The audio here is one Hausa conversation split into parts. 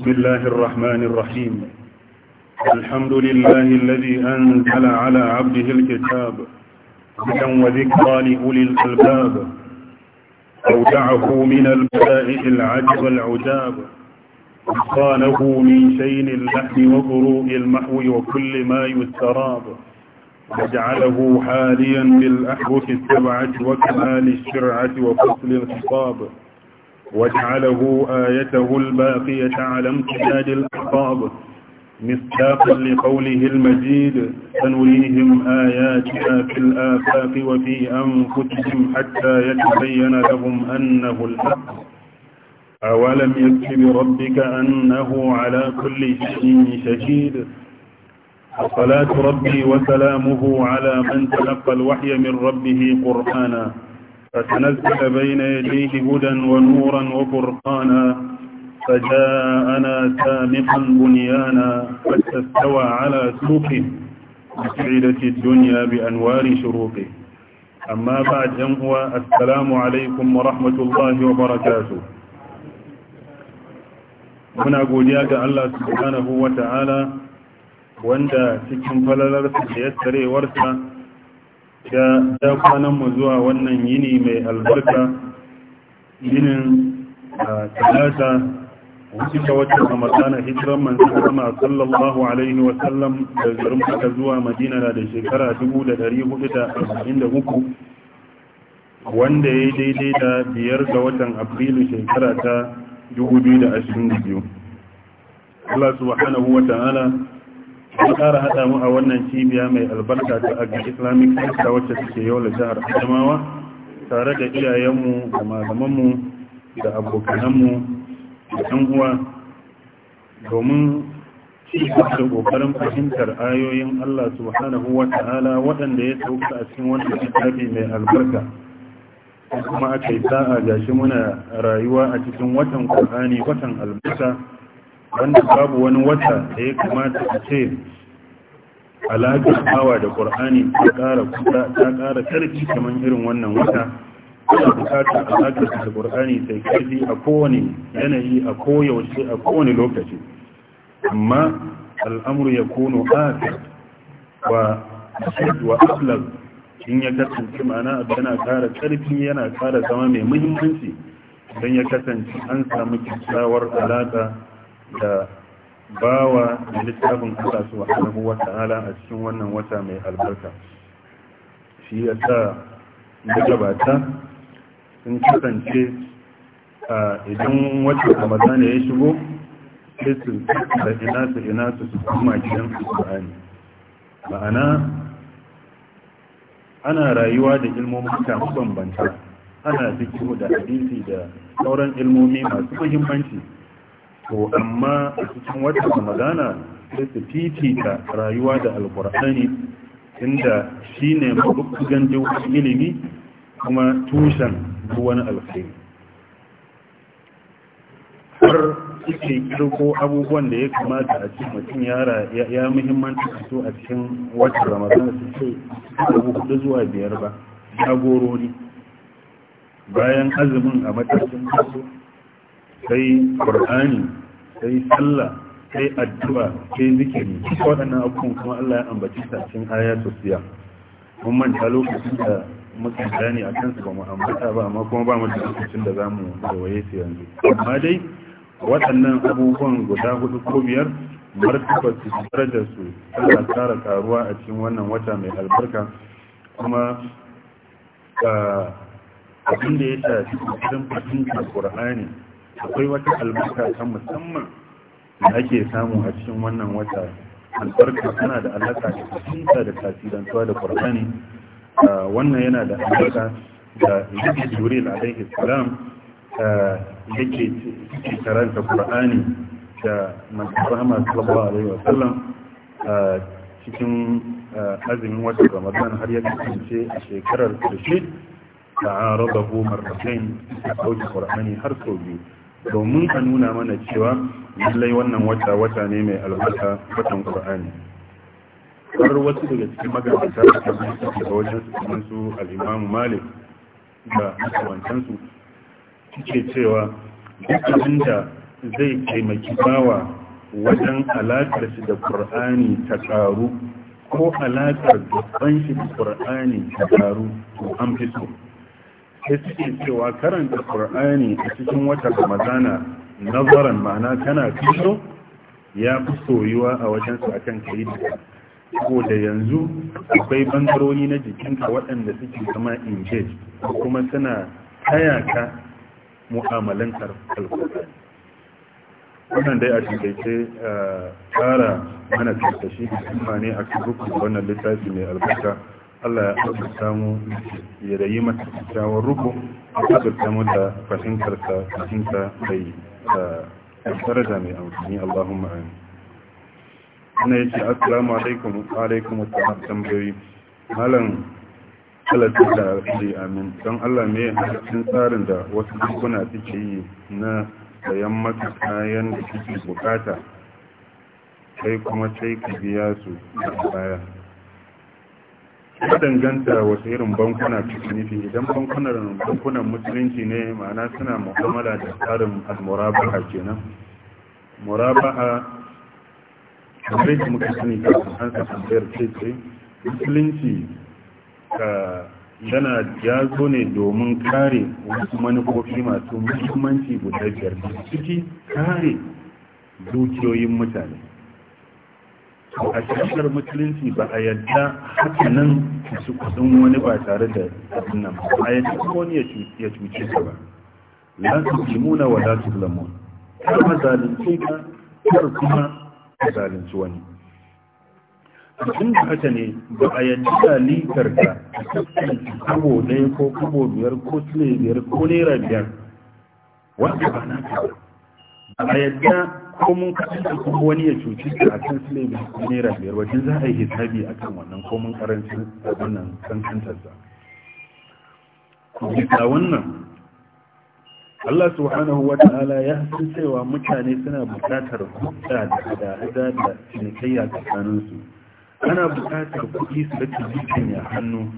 بسم الله الرحمن الرحيم الحمد لله الذي أنزل على عبده الكتاب هدى وذكرى لأولي الألباب أودعه من البدائع العجب العجاب وصانه من شين اللحم وضروء المحو وكل ما يستراب وجعله حاليا بالأحرف السبعة وكمال الشرعة وفصل الخطاب وجعله آيته الباقية على امتداد الأحقاب مصداقا لقوله المجيد سنريهم آياتنا في الآفاق وفي أنفسهم حتى يتبين لهم أنه الحق أولم يكتب بربك أنه على كل شيء شهيد الصلاة ربي وسلامه على من تلقى الوحي من ربه قرآنا فتنزل بين يديه هدى ونورا وفرقانا فجاءنا سابقا بنيانا حتى استوى على سوقه وسعدت الدنيا بأنوار شروقه أما بعد هو السلام عليكم ورحمة الله وبركاته هنا أقول ga Allah سبحانه وتعالى wanda cikin falalarsa da ورثه Ya kwanan mu zuwa wannan yini mai albarka yinin talata wuce wata ramadana hijiran manzan sama sallallahu alaihi wasallam da garin aka zuwa madina da shekara 1443 wanda ya yi daidai da biyar ga watan afrilu shekara ta 2022 Allah subhanahu wa ta'ala an ƙara haɗa mu a wannan cibiya mai albarka ta agri islamic center wacce suke yau da jihar adamawa tare da iyayenmu da malamanmu da abokananmu da ɗan uwa domin ci da ƙoƙarin fahimtar ayoyin allah subhanahu wa ta'ala waɗanda ya sauka a cikin wannan littafi mai albarka kuma aka yi sa'a gashi muna rayuwa a cikin watan kur'ani watan albarka wanda babu wani wata da ya kamata a ce alaƙar hawa da kur'ani ta ƙara ƙarfi kamar irin wannan wata ana buƙatar alaƙar da ƙur'ani ta ƙarfi a kowane yanayi a koyaushe a kowane lokaci amma al'amur ya kono aka wa wa in ya kasance mana abu yana ƙara ƙarfi yana ƙara zama mai muhimmanci don ya kasance an samu kyakkyawar alaƙa da bawa da littafin Allah subhanahu wa ta'ala a cikin wannan wata mai albarka shi ya sa gabata sun kasance a idan wata ne ya shigo sai su da ina su ina su su kuma gidan alƙur'ani ma'ana ana rayuwa da ilmomin kamu bambanta ana fikihu da hadisi da sauran ilmomi masu muhimmanci to amma a cikin wata magana, sai su ta rayuwa da alkur'ani inda shi ne mabukugan dukkan ilimi kuma tushen ruwan alkhairi har suke kirko abubuwan da ya kamata a cikin mutum yara ya muhimmanci su a cikin wata ramadana su ce abu hudu zuwa biyar ba jagorori bayan azumin a matakin kaso sai ƙur'ani sai sallah sai addu'a sai zikiri waɗannan abubuwan kuma Allah ya ambaci cikin ayatu siya mun manta lokacin da muka gane a kansu ba mu ambata ba amma kuma ba mu da lokacin da zamu waye su yanzu amma dai waɗannan abubuwan guda hudu ko biyar martaba su da su tana tsara karuwa a cikin wannan wata mai albarka kuma ah, abin da ya shafi cikin fahimtar qur'ani akwai wata albarka ta musamman da ake samu a cikin wannan wata albarka tana da alaka da fahimta da tasirantuwa da qur'ani ah, wannan yana da albarka da ibn jibril alaihi salam ah, yake karanta qur'ani da manzon sallallahu alaihi wasallam ah, cikin azumin wata ramadan har ya kasance a shekarar ƙarshe da a raba gomar rasain a ɗauki kur'ani har sau biyu domin ka nuna mana cewa lallai wannan wata wata ne mai albarka watan qur'ani har wasu daga cikin magabata da kan suke da wajen su su al-imam malik da wancan su suke cewa duk inda da zai taimaki bawa wajen alaƙar shi da qur'ani ta karu ko alaƙar dubban shi da qur'ani ta karu to an fi sai suke cewa karanta qur'ani a cikin wata ramadana nazaran ma'ana kana kiso ya fi soyuwa a wajen su akan kai da yanzu akwai bangarori na jikinka waɗanda suke zama engage kuma suna tayaka mu'amalan alkur'ani wannan dai a cikaice tsara mana tattashi da ne a cikin rukun wannan littafi mai albarka Allah ya azurta samu ya rayi mata kyawar ruku ya azurta mu da fahimtar ka fahimta bai tsara eh, da mai amfani Allahumma amin ana yake, assalamu alaikum wa alaikum assalam tambayoyi malam halatta da alƙali amin don Allah mai cikin tsarin da wasu bankuna suke yi na sayan maka kayan da suke bukata kai kuma sai ka biya su da baya ya danganta wasu irin bankuna cikin nufi idan bankunan bankunan musulunci ne ma'ana suna mu'amala da tsarin al-murabaha kenan murabaha kamar yadda muka sani ka an tambayar ce ce musulunci ka ah, yana jazo ne domin kare wasu manufofi masu muhimmanci guda biyar ciki kare dukiyoyin mutane a shari'ar musulunci ba a yadda haka nan su kusan wani ba tare da abin nan a yadda kuma wani ya cuce ka ba la su kimuna wa la su lamun kar ma zalunce ka kar kuma ka zalunci wani tun da haka ne ba a yadda zalitar ka a kasance kabo ɗaya ko kabo biyar ko sile biyar ko naira biyar wanda ba na ka ba a yadda ko mun kaɗin da wani ya cuci ka a kan silai da naira biyar wajen za a yi hisabi a kan wannan ko mun karancin wannan kankantarsa bisa wannan Allah subhanahu wa ta'ala ya san cewa mutane suna buƙatar hudda da hada da cinikayya tsakaninsu ana buƙatar kuɗi su da cikin ya hannu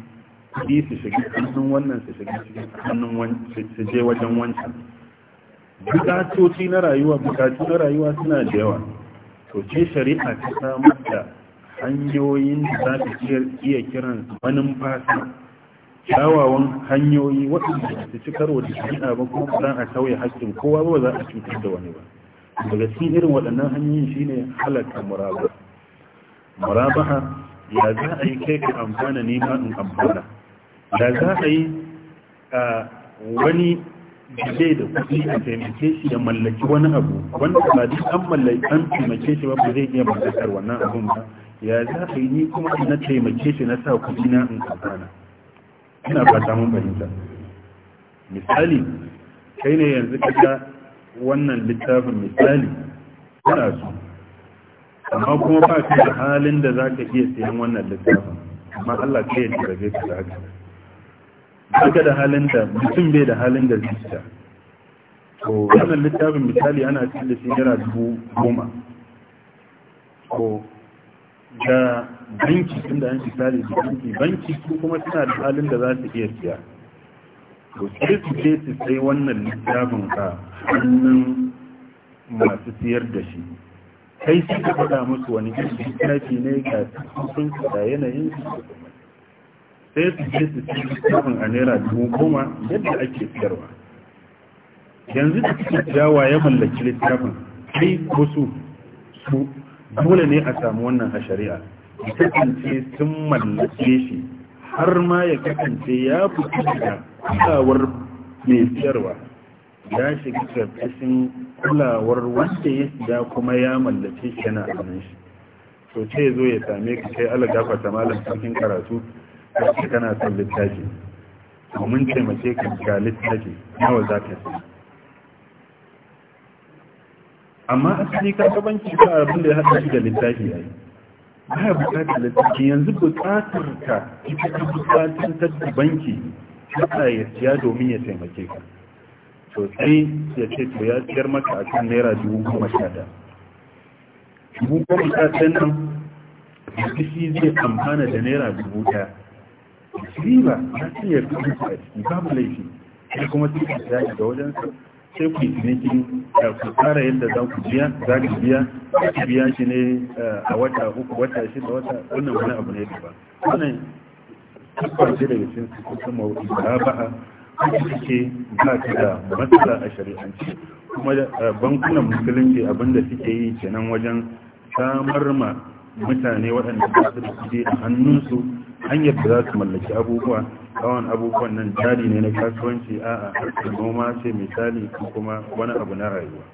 kuɗi su shiga hannun wannan su shiga cikin hannun su je wajen wancan bukatoci na rayuwa bukatu na rayuwa suna da yawa to ce shari'a ta samar da hanyoyin da za ta iya kiran fasa kyawawan hanyoyi waɗanda su ci karo da shari'a ba kuma za a sauya haƙƙin kowa ba za a cutar da wani ba daga cikin irin waɗannan hanyoyin shine halatta muraba murabaha ya za a yi kai ka amfana nema in amfana da za a yi wani da bai da kuɗi a taimake shi ya mallaki wani abu wanda ba duk an mallaki an taimake shi ba ba zai iya mallakar wannan abun ba ya za a yi ni kuma na taimake shi na sa kuɗi na in kamfana ina ta mun fahimta misali kai ne yanzu ga wannan littafin misali kana so amma kuma ba ka da halin da za ka iya siyan wannan littafin amma Allah kai ya tsare ka da haka baka da halin da mutum bai da halin da zai fita to wannan littafin misali ana cikin da shi yana dubu goma ko da banki inda an misali da banki banki su kuma suna da halin da za su iya siya to sai su ce su sai wannan littafin ka hannun masu siyar da shi kai su ka faɗa musu wani littafi ne ka sun da yanayin su sai su je su ci littafin a naira dubu goma yadda ake siyarwa yanzu da suke jawa ya mallaki littafin kai ko su dole ne a samu wannan a shari'a ya kasance sun mallake shi har ma ya kasance ya fito da kulawar mai siyarwa ya shiga karkashin kulawar wanda ya siya kuma ya mallake shi yana nan shi to ce zo ya same ka kai ala gafata malam cikin karatu kace kana son littafi domin taimake ka ga littafi nawa za ka sai amma asali ka banki cikin abin da ya haɗa shi da littafi ya yi, ba ya bukatar littafi yanzu bukatar ka cikin bukatar ta banki ta ya siya domin ya taimake ka Sosai, ya ce to ya siyar maka a kan naira dubu goma sha da dubu goma sha ɗaya nan zai amfana da naira dubu ɗaya riba na iya rubuta a ciki babu laifi sai kuma sai ka zaki ga wajen sai ku da eh, ku tsara yadda za ku biya za ku biya ku biya shi ne eh, a wata uku wata shi shida wata wannan wani abu ne ba wannan kuma ce daga cikin su kusa mawuɗi ba ba a suke ba ta da matsala a shari'anci kuma eh, bankunan musulunci abinda suke yi kenan wajen samar ma mutane waɗanda ba su da kuɗi a hannunsu hanyar da za su mallaki abubuwa tsawon abubuwan nan jari ne na kasuwanci a a noma ce misali ko kuma wani abu na rayuwa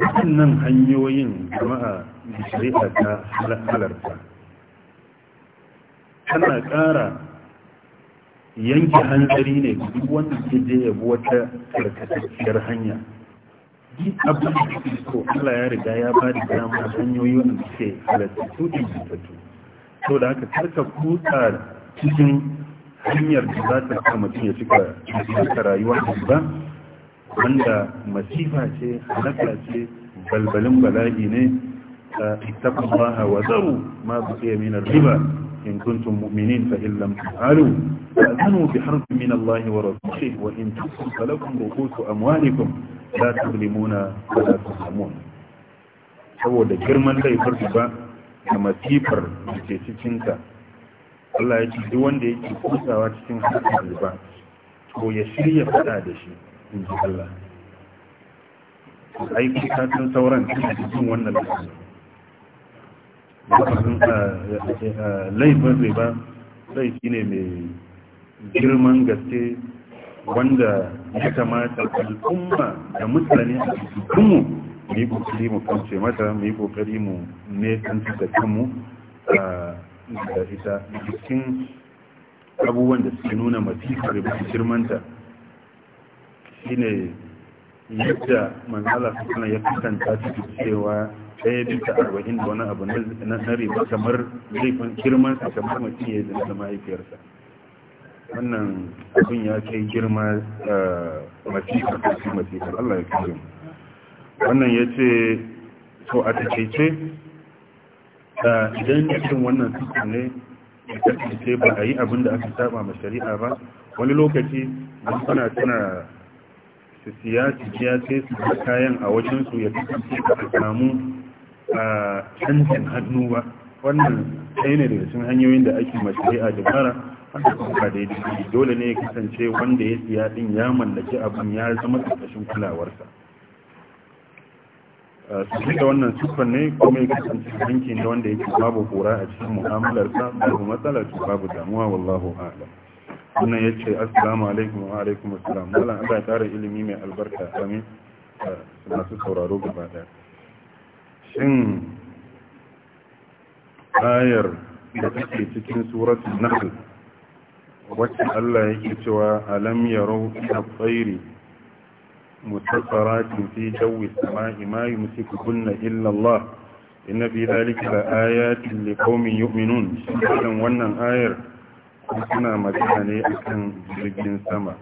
waɗannan hanyoyin jama'a da shari'a ta halarta tana ƙara yanke hanzari ne duk wanda ke je ya bi wata karkatacciyar hanya abin da suke so Allah ya riga ya ba da dama hanyoyi wanda suke halatta su ingantattu sau da haka karka kuta cikin hanyar da za ta haka mutum ya cika cikin rayuwa ba wanda masifa ce halaka ce balbalin bala'i ne ta takon baha wa ma su ke riba in kuntun mu'minin ta illan fa'alu ba zanu bi harfi min Allah wa rasulihi a in tukun falakum rukutu amwalikum la tuzlimuna wa la tuzlamun saboda girman laifar ba da masifar da ke cikinta Allah ya ce duk wanda yake kusawa cikin harkar riba ko ya shirya fada da shi in ji Allah ai ka san sauran cikin wannan lafazin ah, ah, ah, laifin riba sai shi ne mai girman gaske wanda ya kamata al'umma da mutane a cikin mu yi kokari mu kance mata mu yi kokari mu ne kanta da kanmu da ita cikin abubuwan da suke nuna masifar da girmanta shine yadda manzala suna ya kasanta cikin cewa ɗaya bisa arba'in da wani abu na ba kamar laifin girman sa kamar mutum ya zina da mahaifiyarsa wannan abin ya kai girma masifar da su masifar Allah ya kare girma. wannan ya ce to a takaice da idan cikin wannan suka ne ya takaice ba a yi abin da aka saba ma shari'a ba wani lokaci wasu suna tana su siya su siya sai su ga kayan a wajensu ya takaice ba a samu a canjin hannu ba wannan sai ne daga cikin hanyoyin da ake ma shari'a fara haka kuma daidai dole ne ya kasance wanda ya siya din ya mallaki abin ya zama ƙarƙashin kulawarsa su da wannan siffar ne kuma ya kasance hanki ne wanda yake babu kura a cikin mu'amalarsa babu matsala su babu damuwa wallahu a'lam wannan ya ce assalamu alaikum wa alaikum assalam wala an ƙara ilimi mai albarka amin masu sauraro gaba da shin ayar da take cikin suratul nahl wacce Allah yake cewa alam yarau ila tsairi متسرات في جو السماء ما يمسكهن إلا الله إن في ذلك لآيات لقوم يؤمنون إذن wannan ayar suna magana ne akan jirgin sama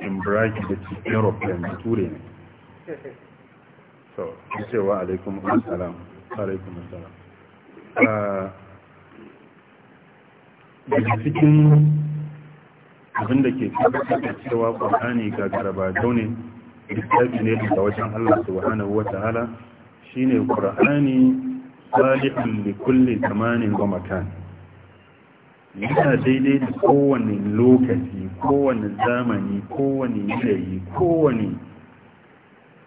in braki da cikin ture ne so cewa alaikum assalam alaikum assalam daga cikin ke tabbatar cewa ƙwarani ga garaba ne littafi ne daga wajen Allah subhanahu wa ta'ala shine qur'ani salihun li kulli zamanin makan yana daidai da kowane lokaci kowane zamani kowane yanayi kowane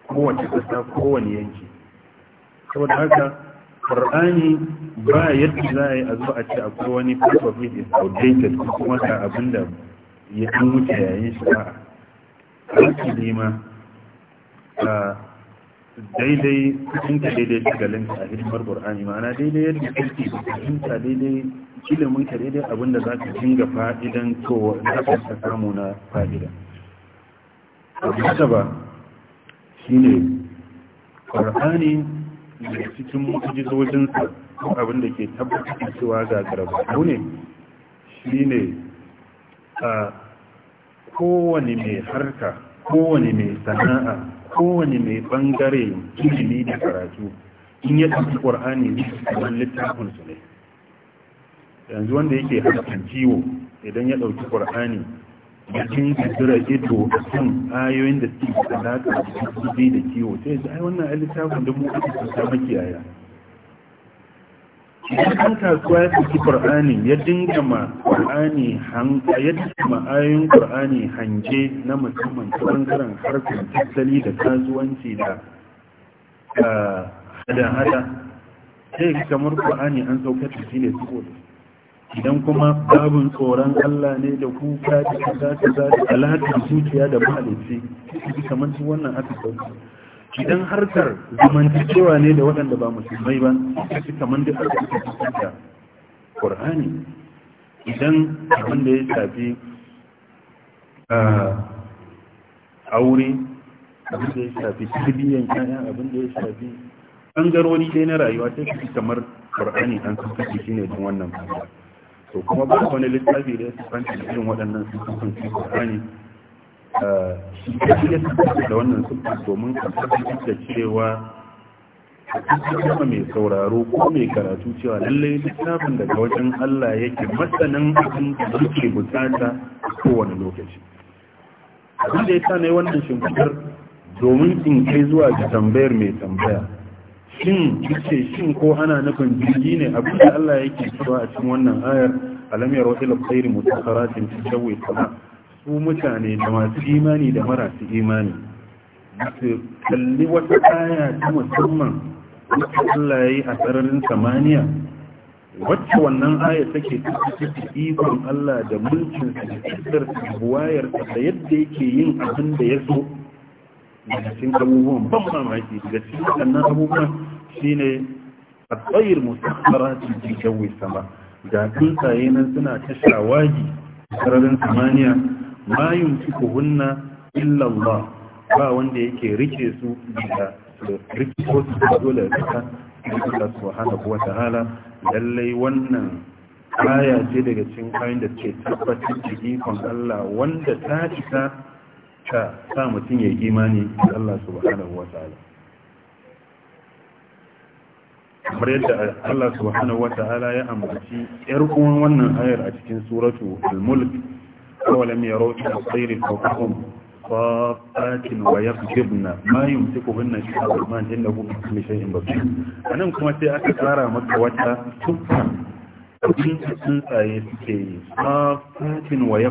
kowace ƙasa kowane yanki saboda haka ƙar'ani ba yadda za a yi a zo a ce akwai wani part of it is outdated kuma ga abin da ya an wuce yayin shi ba a ƙarfi nema daidai kuɗinka daidai linka a hidimar ƙur'ani ma'ana daidai yadda kake fahimta daidai iliminka daidai abinda za ka dinga fa'idan to na ka samu na fa'ida abu ba shi ne burhani da cikin mujizojinsa abinda ke tabbatar cewa ga garba ne shi ne a kowane mai harka kowane mai sana'a kowane mai bangare ilimi da karatu in ya ɗauki ƙwar'ani ne kamar littafin su ne yanzu wanda yake harkar jiwo idan ya ɗauki ƙwar'ani ya cin kasira ido a kan ayoyin da suke da alaƙa da da kiwo sai ya ji ai wannan littafin da mu ake kusa makiyaya idan an kasuwa ya ɗauki ƙur'ani ya dinga ma hanka ya dinga ayoyin ƙur'ani hanje na musamman ta ɓangaren harkar tattali da kasuwanci da hada-hada sai ya kamar ƙur'ani an sauka tafi shi ne saboda idan kuma babin tsoron Allah ne da kuka da kasa da alaƙar zuciya da mahalicci kamar shi wannan aka idan harkar zamantakewa ne da waɗanda ba musulmai ba suka fi kamar da aka fi da ƙorhani idan abin da ya shafi aure abin da ya shafi tarbiyyar kaya abin da ya shafi ɓangarori dai na rayuwa ta fi kamar ƙorhani an fi shi ne don wannan fata to kuma ba wani littafi da ya fi fanci irin waɗannan sun kasance ƙorhani A eh, ya sassa da wannan sufar domin a da cewa kuma mai sauraro ko mai karatu cewa lallai littafin daga wajen Allah yake masanan abin da yake bukata kowane lokaci abin da ya sa ne wannan shimfitar domin in kai zuwa ga tambayar mai tambaya shin ce shin ko ana nufin jirgi ne abin da Allah yake cewa a cikin wannan ayar alam yaro ila khairi mutasaratin tajawwi sama su mutane da masu imani da marasu imani su kalli wata aya ta musamman wata allaye a sararin samaniya wacce wannan aya take cikin ikon Allah da mulkin da buwayar da yadda yake yin abin da ya so daga cikin abubuwan ban mamaki daga cikin wannan abubuwan shine a tsayir musamman cikin jawi sama ga tsuntsaye nan suna ta shawagi sararin samaniya ma yumsikuhunna illa illallah ba wanda yake rike su daga rike su dole rika Allah subhanahu lallai wannan baya ce daga cikin kayan da ke tabbatar da ikon Allah wanda ta cika ta sa mutum ya imani da Allah subhanahu wa kamar yadda Allah subhanahu wa ta'ala ya ambaci yar uwan wannan ayar a cikin suratu al-mulk أولم يروا إلى الطير فوقهم صافات ويقبضن ما يمسكهن إلا الرحمن إنه بكل شيء بصير أنا كما ما مكوتا تفهم tsuntsaye suke yi wa ya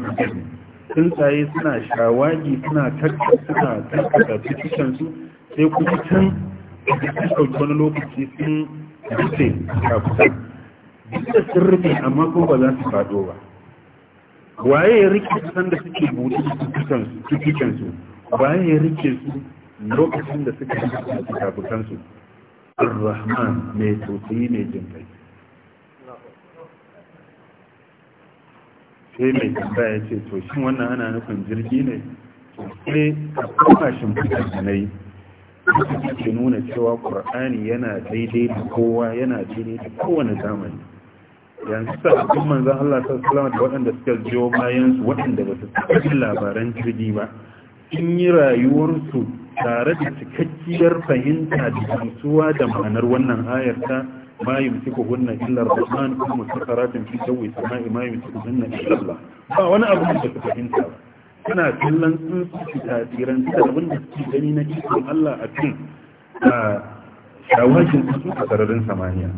tsuntsaye suna shawagi suna karkata fitikansu sai kuma can da su wani lokaci sun rufe kakusa duk da sun rufe amma kuma ba za su faɗo ba waye ya rike san da suke buɗe cikinsu waye ya rike su lokacin da suka rike fikafikansu ar-rahman mai tausayi mai jin kai sai mai tambaya ya ce to shin wannan ana nufin jirgi ne sai ka kuma shi mutane ne ke nuna cewa qur'ani yana daidai da kowa yana daidai da kowane zamani yanzu sabbin manzan Allah salama da waɗanda suka jiyo bayansu waɗanda ba su cikin labaran jirgi ba sun yi rayuwarsu tare da cikakkiyar fahimta da gamsuwa da ma'anar wannan ayar ta ma yumsiku hunna illa rahman kuma sakaratin fi jawi sama'i ma yumsiku hunna illa illar ba wani abu da su fahimta ba suna kallon tsuntsu su tasirin da abin da suke gani na ikon Allah a kan ah, shawakin su a sararin samaniya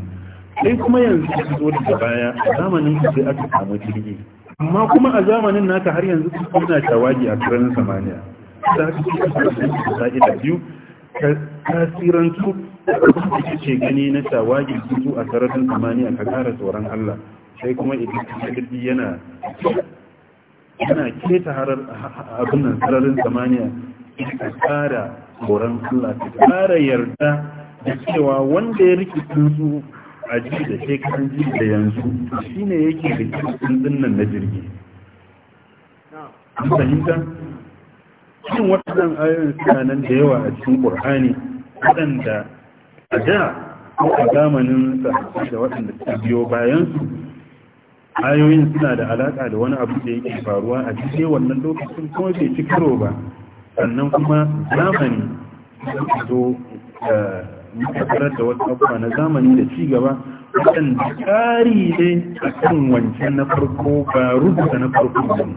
sai kuma yanzu ka zo daga baya a zamanin ku sai aka samu jirgi amma kuma a zamanin naka har yanzu su kuna shawagi a turanin samaniya za ka ci kasar sa'ida biyu ka tasirantu da kuma ce gani na shawagi su a sararin samaniya ka kara tsoron allah sai kuma idan jirgi yana yana keta harar abin nan sararin samaniya ka kara tsoron allah ka kara yarda da cewa wanda ya rikicin su a ji da shekaran ji da yanzu shi ne yake da kirkin dinnan na jirgi an fahimta cikin waɗannan ayoyin suna nan da yawa a cikin ƙur'ani waɗanda a da ko a zamanin sa, da waɗanda suka biyo bayansu ayoyin suna da alaƙa da wani abu da yake faruwa a cikin wannan lokacin kuma bai ci karo ba sannan kuma zamani zo eh, muka tarar da wata abubuwa na zamani da ci gaba da ƙari ne a kan wancan na farko ba rubuta na farko ba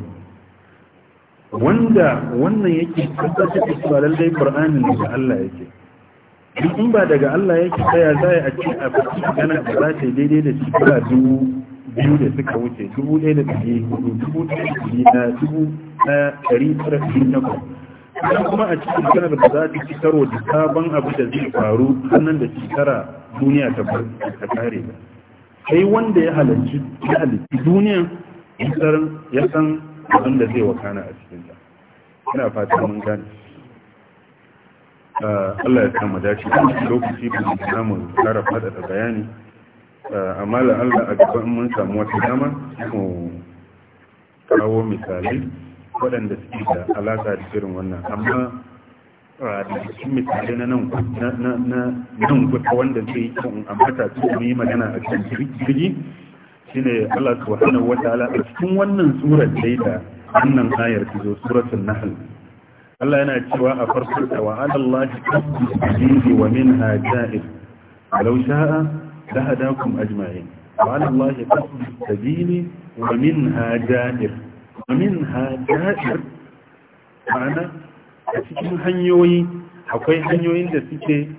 wanda wannan yake tabbatar da cewa lallai qur'anin daga Allah yake duk in ba daga Allah yake tsaya za a ce a fasi magana da za ta daidai da shi dubu biyu da suka wuce dubu ɗaya da ɗari hudu dubu ɗaya da ɗari na dubu ɗaya ɗari na ɗari takwas idan kuma a cikin maganar da za ta karo da sabon abu da zai faru sannan da shekara duniya ta kare ba kai wanda ya halarci ya duniya ya san abin da zai wakana a cikinta ina fata mun gane ah, Allah ya kama dace kuma lokaci ba mu samu fara fada da bayani ah, amma Allah a gaban mun samu wata dama mu kawo misalai waɗanda suke da alaƙa da irin wannan amma a cikin misali na nan nan kuta wanda zai yi kan ambata su yi magana a cikin jirgi shi ne Allah subhanahu wa ta'ala a cikin wannan surar dai da wannan ayar ta zo suratul nahl Allah yana cewa a farko da wa alallahi tasbihi wa minha a law sha'a lahadakum ajma'in wa alallahi tasbihi wa min ja'ir ومنها دائر معنى أتكين هنيوي أكوي هنيوي لسيكي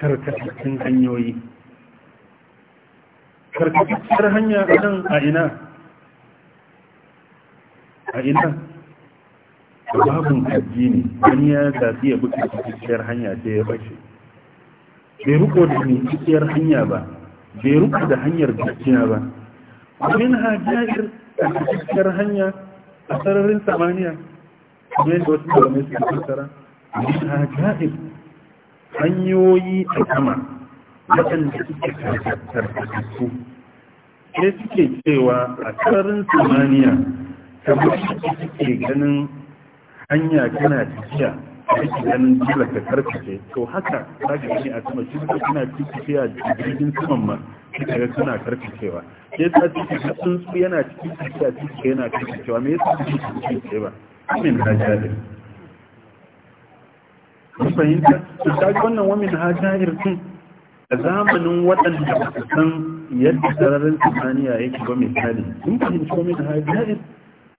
تركتكين هنيوي karkatacciyar hanya nan a ina a ina da babin kaji ne wani ya zafi ya buka karkatacciyar hanya sai ya bace bai da hanya ba bai ruko da hanyar gaskiya ba min hajjajir karkatacciyar hanya a sararin samaniya ne da wasu mai suke fassara a ja'ib hanyoyi a sama waɗanda suke karkatattu sai suke cewa a sararin samaniya kamar suke ganin hanya tana tafiya kake ganin jila ka karkace to haka za ka gani a sama shi ne suna ciki a jirgin saman ma shi ka ga suna karkacewa sai ta ciki sun su yana ciki ciki a ka yana karkacewa me yasa shi ka cikice ba amin hajjahir mun fahimta su ta ga wannan wamin hajjahir din a zamanin waɗanda ba su san yadda sararin samaniya yake ba misali sun fahimci wamin hajjahir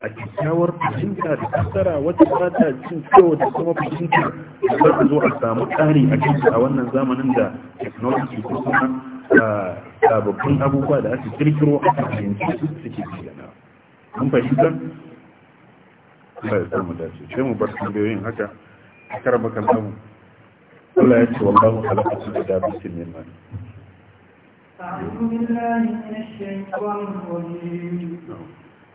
a kyakkyawar fahimta da kasara wata fata cin kyau da kuma fahimta da za zo a samu ƙari a cikin a wannan zamanin da technology ko kuma ah, sababbin abubuwa da ake kirkiro a fahimci su suke bayyana an fahimta Allah ya samu dace sai mu bar tambayoyin haka a karba kallon Allah ya ce wallahu halakatu da dabitin min man أعوذ بالله من الشيطان الرجيم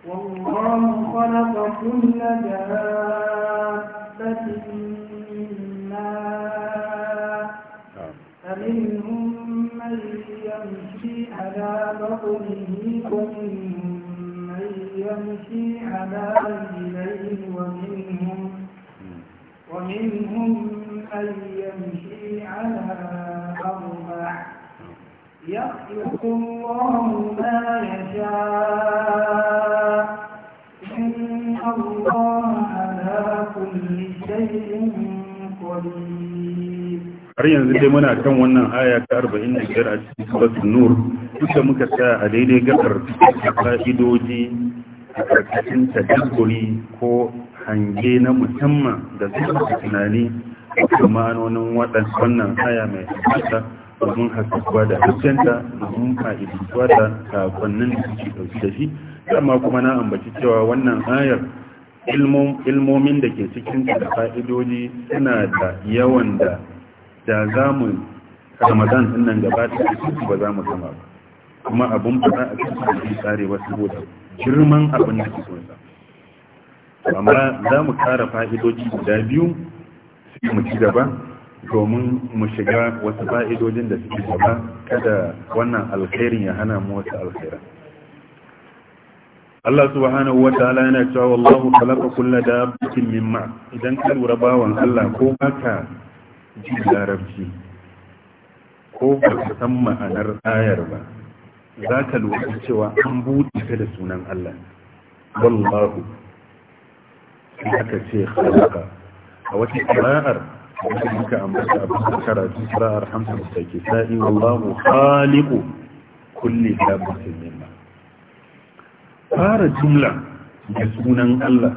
والله خلق كل دابة من ماء نعم. فمنهم من يمشي على بطنه ومنهم من يمشي على رجليه ومنهم نعم. ومنهم من يمشي على أربع يخلق الله ما يشاء إن الله على كل شيء قدير har yanzu dai muna kan wannan aya ta 45 a cikin suratul nur duka muka sa a daidai gabar fa'idoji a karkashin tadabburi ko hange na musamman da suka tunani da ma'anonin wannan aya mai tabbata domin haskatuwa da hujjanta domin fa'idantuwa da sakonnin da suke ɗauki da shi amma kuma na ambaci cewa wannan ayar ilmomin da ke cikin da fa'idoji suna da yawan da da za mu ramadan nan gaba ta cikin ba za mu sama ba kuma abin fara a cikin da ke wasu saboda girman abin da ke kunsa amma za mu kara fa'idoji guda biyu sai mu ci gaba domin mu shiga wasu fa'idojin da suke gaba kada wannan alkhairin ya hana mu wasu alkhairan Allah subhanahu wataala yana cewa wallahu khalaqa kulla da min mimma, idan ka lura bawan Allah ko baka ji larabci ko baka san ma'anar ayar ba za ka lura cewa an buɗe ta da sunan Allah wallahu aka ce khalaqa a wata qira'ar wanda muka Amurka abin karatu ra'ar hamsa da ke sa'i wallahu khaliqu kulli dabatin mimma fara jumla da sunan Allah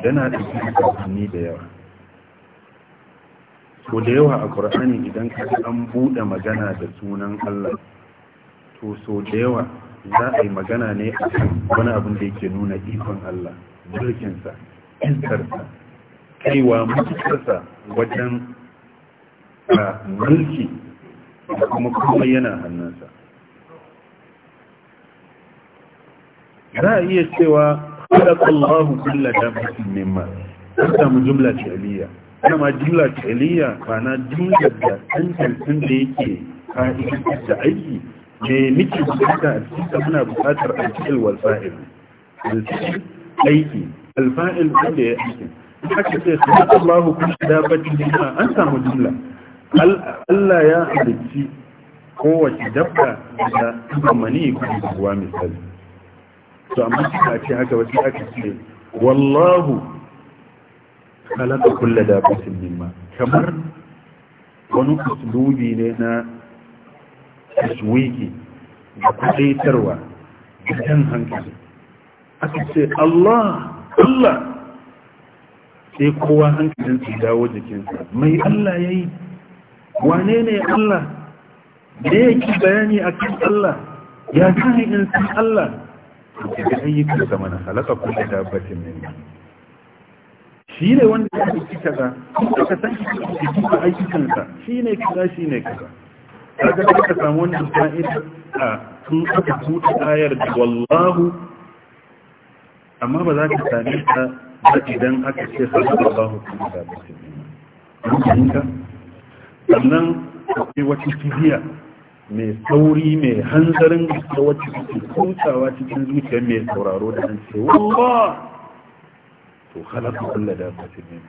yana da kwanni da yawa da yawa a ƙur'ani idan ka an buɗe magana da sunan Allah to so da yawa za a yi magana ne a wani abin da yake nuna ikon Allah jirkinsa, iskarsa kaiwa matukarsa wajen a mulki da kuma kuma yana hannunsa za a iya cewa jimla kulla dabbatin nema an samu jumla fi'liya ma jumla ba na jimla da tantancin da yake ka'idar da aiki ya miki bukata a cikin ta muna bukatar alfi'il walfa'il da alfi'il aiki alfa'il wanda ya aiki haka ce su haka Allahu kun shi dabbacin jima an samu jimla. Allah ya halicci kowace dabba da tsammani kuma da ruwa misali to amma shi ba ce haka wasu aka ce wallahu halaka kulla dabbacin jima kamar wani usulubi ne na taswiki da kudaitarwa da jan hankali aka ce Allah Allah sai kowa hankalin su dawo jikinsa mai Allah ya yi wane ne Allah da yake bayani a kan Allah ya kai in san Allah da ga ayyukan sa mana halaka kuma da batin ne shi ne wanda ya fi kaza da ka san shi da kuma ayyukan sa shi ne kaza shi ne kaza kaga da ka samu wannan fa'ida a tun aka tuta ayar da wallahu amma ba za ka same ta idan aka ce sadaka ba hukumu da musulmi sannan akwai wata kibiya mai sauri mai hanzarin da wata take kusawa cikin zuciya mai sauraro da an ce wamba to halaka kula da musulmi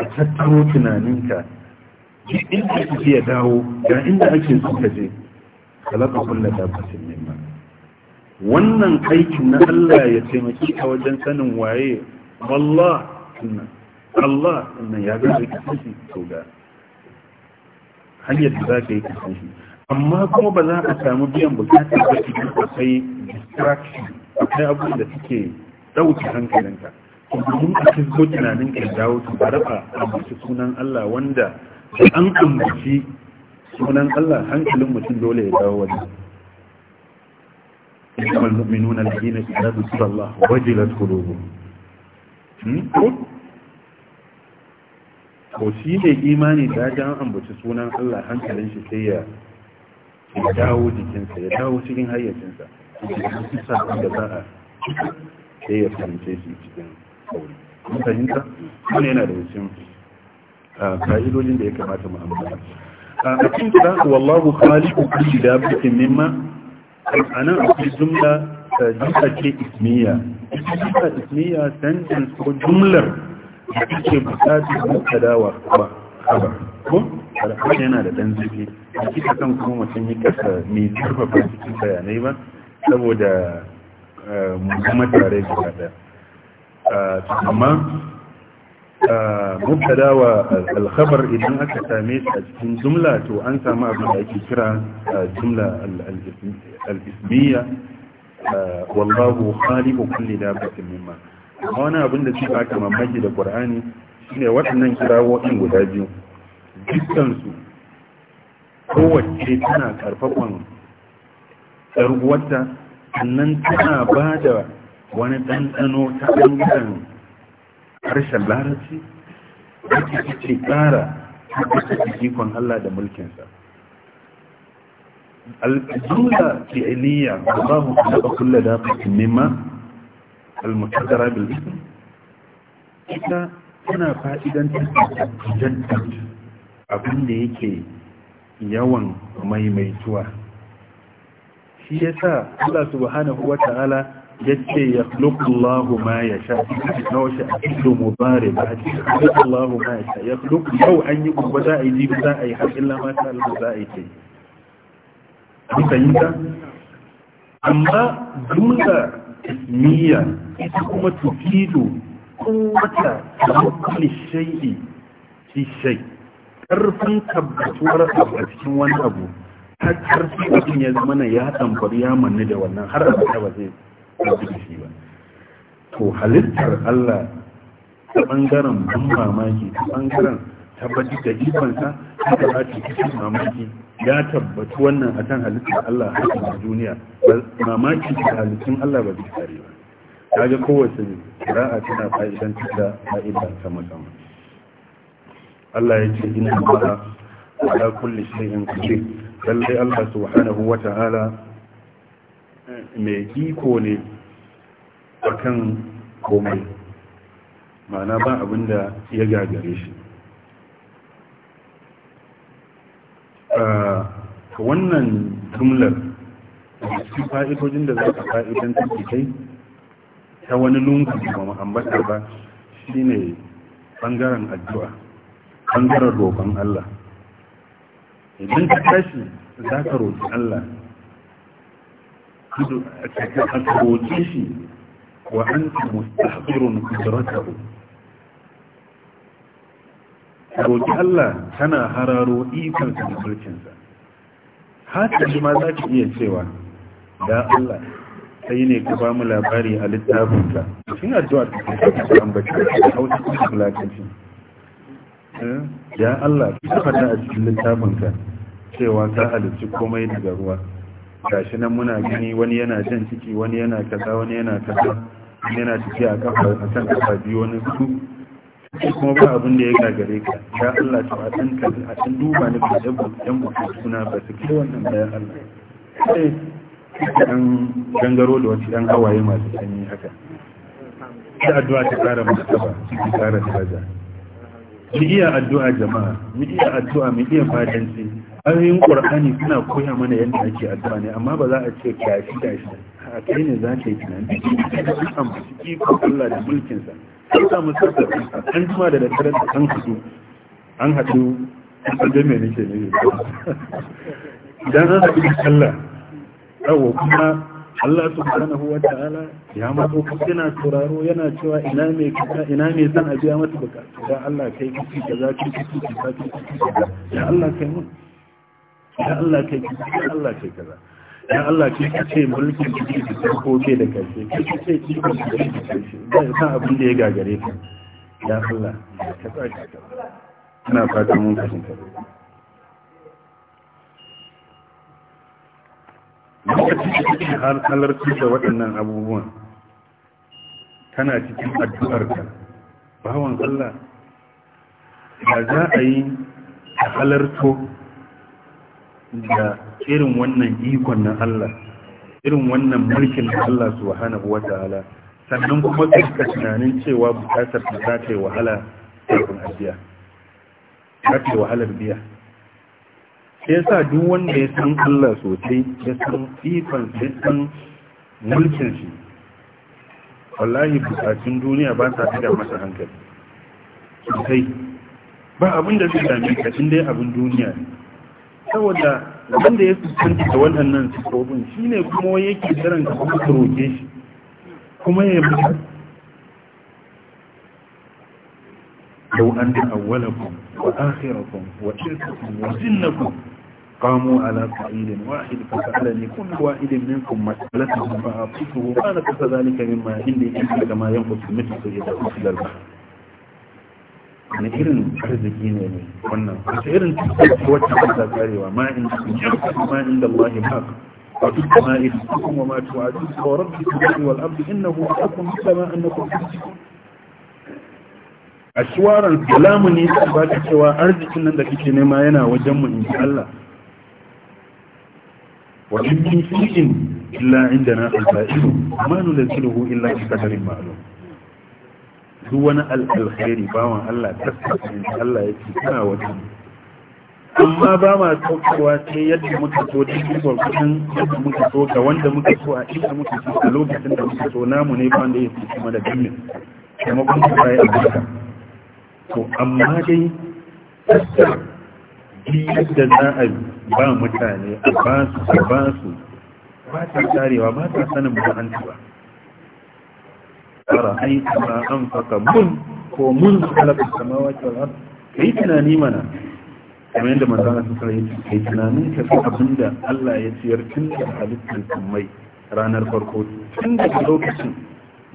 a tattaro tunaninka inda kake ya dawo ga inda ake suka ka je halaka kula da wannan aikin na Allah ya taimaki a wajen sanin waye wallah dinnan Allah dinnan ya zai ka shi hanyar da za ka yi ka amma kuma ba za a samu biyan bukatar da idan akwai distraction akwai abin da suke ɗauki hankalinka domin a cikin tunanin ka dawo su ba raba ambaci sunan Allah wanda da an ambaci sunan Allah hankalin mutum dole ya dawo wani إنما المؤمنون الذين إذا ذكر الله وجلت قلوبهم Hmm? ko shi ne imani da ya an ambaci sunan Allah hankalin shi sai ya dawo jikinsa ya dawo cikin hayyacinsa cikin sa'an da za a sai ya fahimce shi cikin sauri mun fahimta wani yana da wucin fa'idojin da ya kamata mu ambata a cikin kira wallahu khaliqu kulli dabbatin mimma anan akwai jumla jumla ke ismiya ita ismiya sentence ko jumlar da take bukatar mubtada wa khabar khabar ko alhamdu yana da dan zubi a kika kan kuma mutum yi ƙasa mai zurfafa cikin bayanai ba saboda eh, muhammad tare da daya eh, amma eh, mubtada wa alkhabar idan aka same shi a cikin jumla to an samu abin da ake kira jumla al-ismiya wallahu khaliqu kulli dabbatin mimma wannan abin da suka aka mamaki da qur'ani shine waɗannan kirawoyin guda biyu dukkan su kowace tana karfafan tsarguwarta sannan tana ba da wani ɗanɗano ta ɓangaren harshen larabci da ke ƙara ta ikon Allah da mulkinsa الجملة فعلية الله خلق كل دابة مما المتدرى بالاسم إذا أنا فائدا تجدد abin da yake yawan maimaituwa shi ya sa Allah subhanahu wa ta'ala ya ce ya ma ya sha na washe a cikin mubare ba a cikin ma ya sha ya yau an yi kuma za a yi jibi za a yi har illa mata an fahimta amma jumla ismiya ita kuma tufido wata tawakkali shaidi shi shai karfin tabbatuwar abu a cikin wani abu ta karfi abin ya zama na ya tambar ya manni da wannan har abada ba zai rabu da shi ba to halittar Allah ta bangaren ban mamaki ta bangaren tabbatar da ikonsa haka za ta fi mamaki ya tabbaci wannan a kan halittar Allah a duniya mamaki da halittun Allah ba zai tare ba ta ga kowace ra'a tana fa'idan da fa'ida ta sama Allah ya ce ina ba ala kulli shay'in qadir lalle Allah subhanahu wa ta'ala mai iko ne kan komai Mana ba abin da ya gagare shi wannan jumlar su fa'idojin da za ka fa'idan take kai ta wani lungu ba ma’ambata ba shi ne ɓangaren addu'a ɓangaren roƙon Allah idan ka tashi za ka roƙi Allah ka roƙi shi wa an ta mustahfirun roƙi Allah tana hararo ikonsa da mulkinsa shi ma za ki iya cewa da Allah sai ne ka ba mu labari a littafinka cikin addu'a ta kuma ambaci da hausa kuma fulakanci eh, ya Allah ka faɗa a cikin littafinka cewa ka halicci komai daga ruwa gashi nan muna gani wani yana jan ciki wani yana kaza wani yana kaza yana tafiya a kafa a kan kafa biyu wani su kuma ba abin da ya gagare ka ya Allah ta watan ka a can duba ne ba da buɗan suna ba su ke wannan bayan Allah sai ɗan gangaro da wasu ɗan hawaye masu sanyi haka ta addu'a ta ƙara martaba ciki ƙara daraja mu iya addu'a jama'a mu iya addu'a mu iya fadanci ayoyin qur'ani suna koya mana yadda ake addu'a ne amma ba za a ce kashi kashi a kai ne za ka yi tunani su ambaci iko Allah da mulkinsa an an jima da daddaren da an haɗu an ne ne idan an haɗu da Allah yawo kuma Allah subhanahu wa ta'ala ya matso kuma yana turaro yana cewa ina mai kuka ina mai san a biya mata bukatu da Allah kai kici da za ki kici ya Allah kai mun ya Allah kai kici ya Allah kai kaza ya Allah ke kace mulkin kike da farko ke da karshe ka ce kike da karshe da san abin da ya gagare ka ya Allah ka tsaka ka ina fata mun fahimta lokacin da kake halar da waɗannan abubuwan kana cikin addu'arka bawan Allah ya za a yi halarto da irin wannan ikon na Allah irin wannan mulkin na Allah subhanahu wata'ala sannan kuma ka tunanin cewa bukatar da za ta yi wahala kafin ajiya za ta yi wahalar biya sai sa duk wanda ya san Allah sosai ya san ikon ya san mulkin shi wallahi bukatun duniya ba sa fi da masa hankali sosai ba abin da su dame ka dai abin duniya ne saboda wanda ya fuskanci da wannan nan sikobin shi ne kuma yake jiran ka kuma ka roƙe shi kuma ya yi yau an da awwalaku wa akhiratu wa tilkatu wa jinnaku qamu ala qa'idin wahid fa ta'ala li kulli wahidin minkum mas'alatuhu fa aqitu wa ana kasalika mimma inda yake kama yanqutu mithlu yadu fil bahr wani irin arziki ne ne wannan wata irin cutar wacce ba tsarewa ma in ma in da Allah ba وفي السماء رزقكم وما توعدون ورب kuma والأرض إنه an na أنكم تمسكون ashwaran salamu ne ta ba ta cewa arzikin nan da kike nema yana wajen mu in Allah wa in min fi'in illa indana al-fa'ilu ma nunzilu illa bi qadarin ma'lum duk wani alkhairi bawan Allah tattakin Allah ya ce kana wajen amma ba ma saukowa sai yadda muka so da ikon kusan yadda muka so ga wanda muka so a inda muka so a lokacin da muka so namu ne ba wanda ya fi kuma da kuma kun su bayan abuka to amma dai tattar da za a ba mutane a ba su ba su ba ta tsarewa ba ta sanin ba ba أرأيت ما أنفق من هو منذ خلق السماوات والأرض kai tunani mana. kamar yadda manzo Allah sallallahu alaihi wasallam kai tunanin ka fi abinda Allah ya ciyar tun da halittar kummai ranar farko tun daga lokacin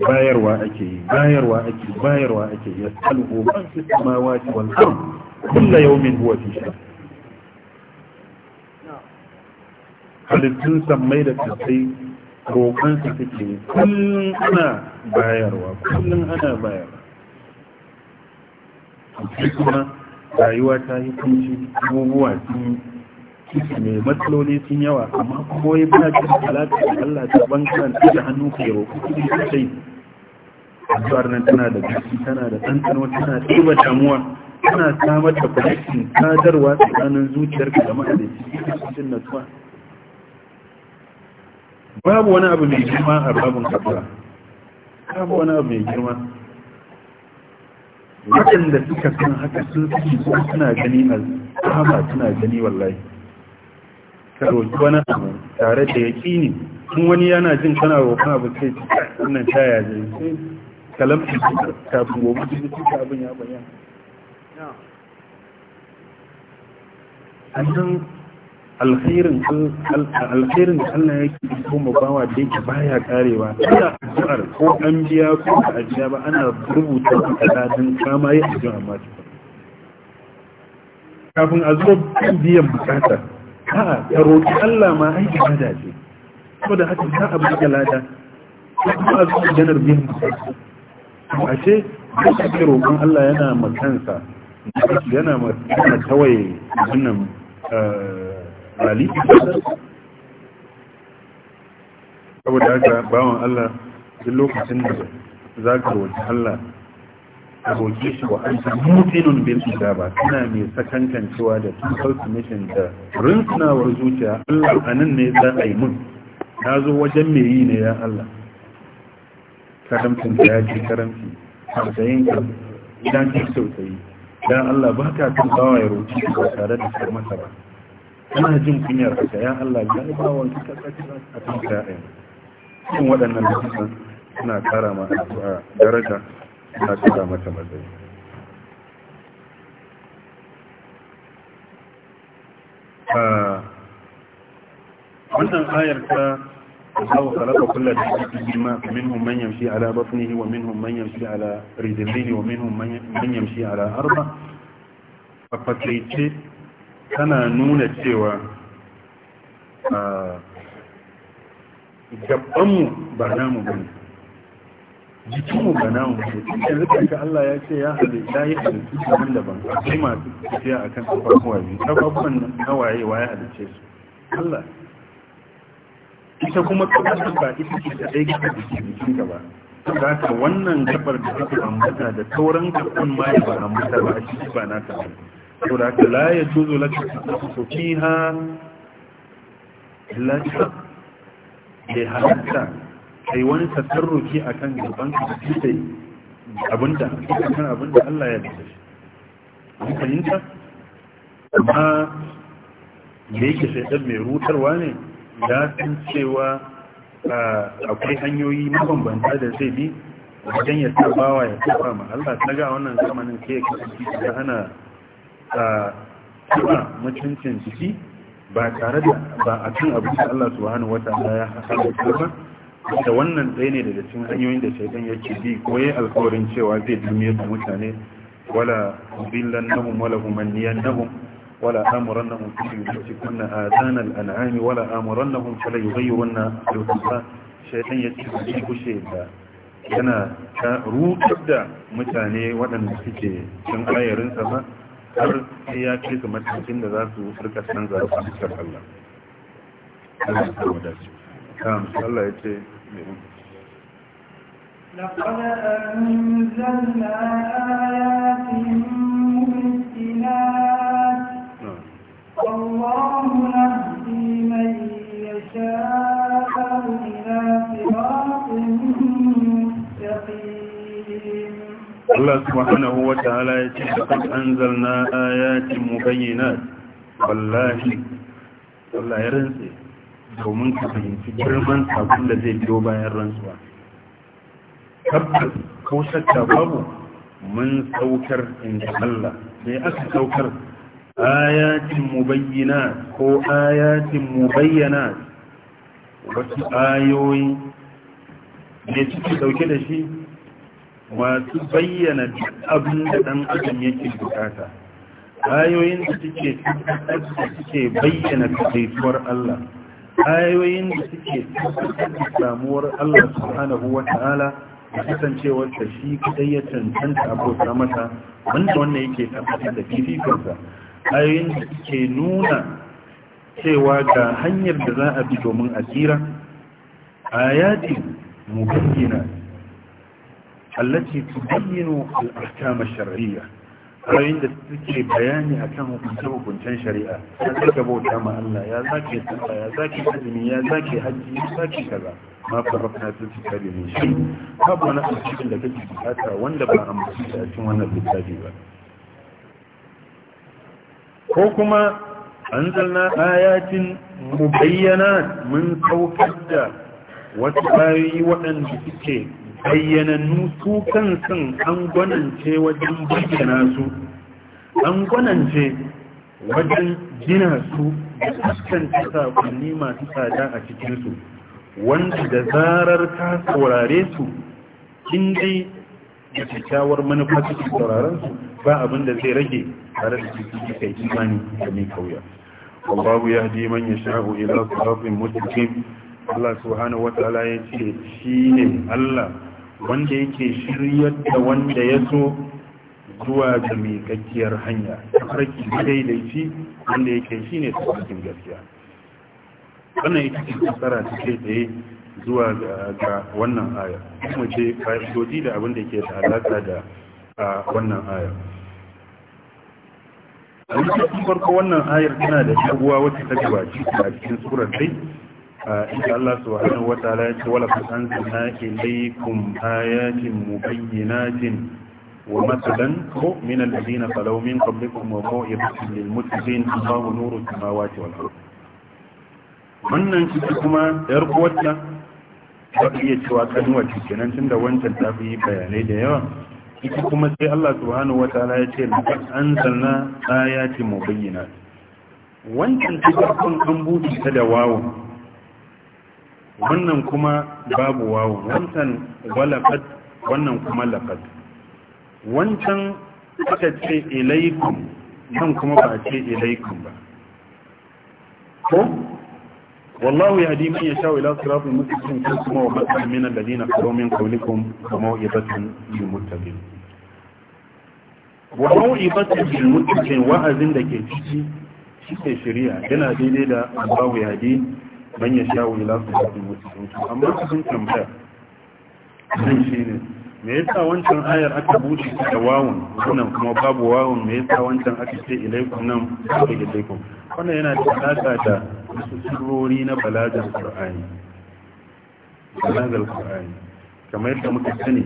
bayarwa ake yi bayarwa ake bayarwa ake yi yasalhu man fi samawati wal ard kullu yawmin huwa fi sha'n halittun sammai da kasai roƙon su suke kullum ana bayarwa kullum ana bayarwa sai kuma rayuwa ta yi kunci abubuwa sun mai matsaloli sun yawa amma kuma ya bana alaƙa da Allah ta bankan ta da hannu ka yaro kuɗi sosai addu'ar nan tana da gaski tana da tantanwa tana ɗiba damuwa tana samar da kwanakin sadarwa tsakanin zuciyar zuciyarka da mahalicci cikin natuwa babu wani abu mai girma a babin addu'a babu wani abu mai girma waɗanda suka san haka sun fi su suna gani kama suna gani wallahi ka roƙi wani abu tare da ne, in wani yana jin kana roƙon abu sai ta wannan taya ne sai ka kafin gobe su suka abin ya bayyana sannan alkhairin da Allah ya ko mu bawa da yake baya karewa ina ajiyar ko an biya ko ba a ba ana rubuta ku kaza kama yi a addu'a ma kafin a zo biyan bukata a'a ya roƙi Allah ma aiki ibada ce saboda haka za a buga lada kuma a zuwa janar biyan bukata a ce duk da roƙon Allah yana makansa yana matawaye wannan ali saboda haka bawan Allah duk lokacin da za ka Allah a roƙe shi wa an mutinun bil ba kana mai sakankancewa da transmission da rinsunawar zuciya Allah a nan ne za a yi mun na zo wajen mai yi ne ya Allah karamcin da ya ce karamci tausayin ka idan ka tausayi dan Allah ba ka kan bawa ya roƙi ba tare da masa ba ina jin kunyar haka ya Allah ya ni ta ki ta tsaki a kan ta'ayin waɗannan littafin suna ƙara ma addu'a daraja ta ƙara mata matsayi ah, wannan ayar ta الله خلق كل شيء مما منهم من يمشي على بطنه ومنهم من يمشي على رجلين ومنهم من يمشي على أربع فقد tana nuna cewa gabanmu ba namu ba ne jikinmu ba namu ba ne yanzu kanka Allah ya ce ya haɗe ya halittu daban daban akwai masu tafiya a kan kafafuwa biyu kafafuwan hawaye wa ya halice su Allah ita kuma kafafun ba ita ce da ɗaya gaba jikinka ba ta ta wannan gabar da take ambata da sauran gaban ma ba ambata ba a cikin ba na ta saboda haka la ya juzo laka su fiha laka da halatta kai wani tasarruki akan abinda Allah ya dace an fahimta amma da yake shaidan mai rutarwa ne ya san cewa akwai hanyoyi mabambanta da zai bi wajen ya tabawa ya tafa ma Allah ta ga wannan zamanin sai ya kasance ta hana kuma mutuncin jiki ba tare da ba a cin abu da Allah subhanahu wataala ya haɗa ba da wannan dai ne daga cikin hanyoyin da shaidan yake bi ko yayin alƙawarin cewa zai dumiye da mutane wala billannahum wala Wala humanniyannahum ولا آمرنهم فليبتكن آذان الأنعام ولا آمرنهم فليغيرن الخلق شيطان kushe da. yana ta rutar da mutane waɗanda suke cin ayarinsa ba har sai ya kai su matakin da za su rika canza a fuskar Allah Allah ya samu ce لقد أنزلنا آيات مبينات والله من يشاء Allah subhanahu wa ta'ala ya ce anzalna ayatin mubayyinat wallahi Allah ya rantse domin ka fahimci girman sabon da zai biyo bayan ba? tabbas ko shakka babu mun saukar inda Allah sai aka saukar ayatin mubayyinat ko ayatin bayyana. wasu ayoyi ne suke dauke da shi masu bayyana abin da ɗan adam yake bukata ayoyin da suke suke bayyana kaitaituwar Allah ayoyin da suke samuwar Allah subhanahu wata'ala da kasancewar ta shi kadai ya cancanta abota mata wanda wannan yake tabbatar da fifikonsa ayoyin da suke nuna cewa ga hanyar da za a bi domin a a yadi mu gina. التي تبين الأحكام الشرعية وإن تذكر بياني أكام كنتم كنتم شريعة يا ذاك بوتا ما الله يا ذاك يتنقى يا ذاك يتنمي يا ذاك حجي يا ذاك كذا ما فرقنا في الكتاب من شيء هب وانا أشكل لك الكتابة وانا بقى أمسيك أشكل وانا بالكتابة كوكما أنزلنا آيات مبينات من توكد وتباري وأن بسكين bayyanannu su kansun an gwanance wajen bayyana su an gwanance wajen gina su da fuskanta sakonni masu tsada a cikinsu wanda da zarar ta saurare su in dai da kyakkyawar manufa cikin sauraron su ba abin da zai rage tare da cikin kai imani da mai kauya wallahu ya ji man ya sha'u ila sirafin mustaqim Allah subhanahu wa ta'ala ya ce shi ne Allah wanda yake shiryar da wanda ya so zuwa ga gajiyar hanya tafarki shi wanda yake shi ne tafarkin gajiya wannan ita cikin tsara ta kai tsaye zuwa ga wannan aya kuma ce fa'idodi da abin da ke da alaƙa da wannan aya a cikin farko wannan ayar tana da shaguwa wacce ta gabaci a cikin tsoron inda Allah subhanahu wa ta'ala ya ce wala fasanna ilaykum ayatin mubayyinatin wa mathalan min alladhina khalaw min qablikum wa maw'izatan lil muttaqin Allahu nuru samawati wal ardh wannan shi kuma yar kuwata ba iya cewa kanuwa kenan tunda wancan ta fi bayanai da yawa ita kuma sai Allah subhanahu wataala ya ce laqad anzalna ayatin mubayyinatin wancan cikin an buɗe ta da wawon. wannan kuma babu wawo wancan walaqad wannan kuma laqad wancan aka ce ilaikum nan kuma ba ce ilaikum ba ko wallahu yahdi man yasha ila mutum mustaqim kuma wa matal min alladhina kafaru min qawlikum kama ibatan yi muttaqin wa mau'ibatan lil muttaqin wa'azin da ke ciki shi ke shari'a yana daidai da babu yadi. man ya sha wani lafi da mutu amma sun tambaya zan shi ne me yasa wancan ayar aka buce da wawun wannan kuma babu wawun me yasa wancan aka ce ilaikum nan babu ilaikum wannan yana da alaka da wasu surori na balagar qur'ani balagar qur'ani kamar yadda muka sani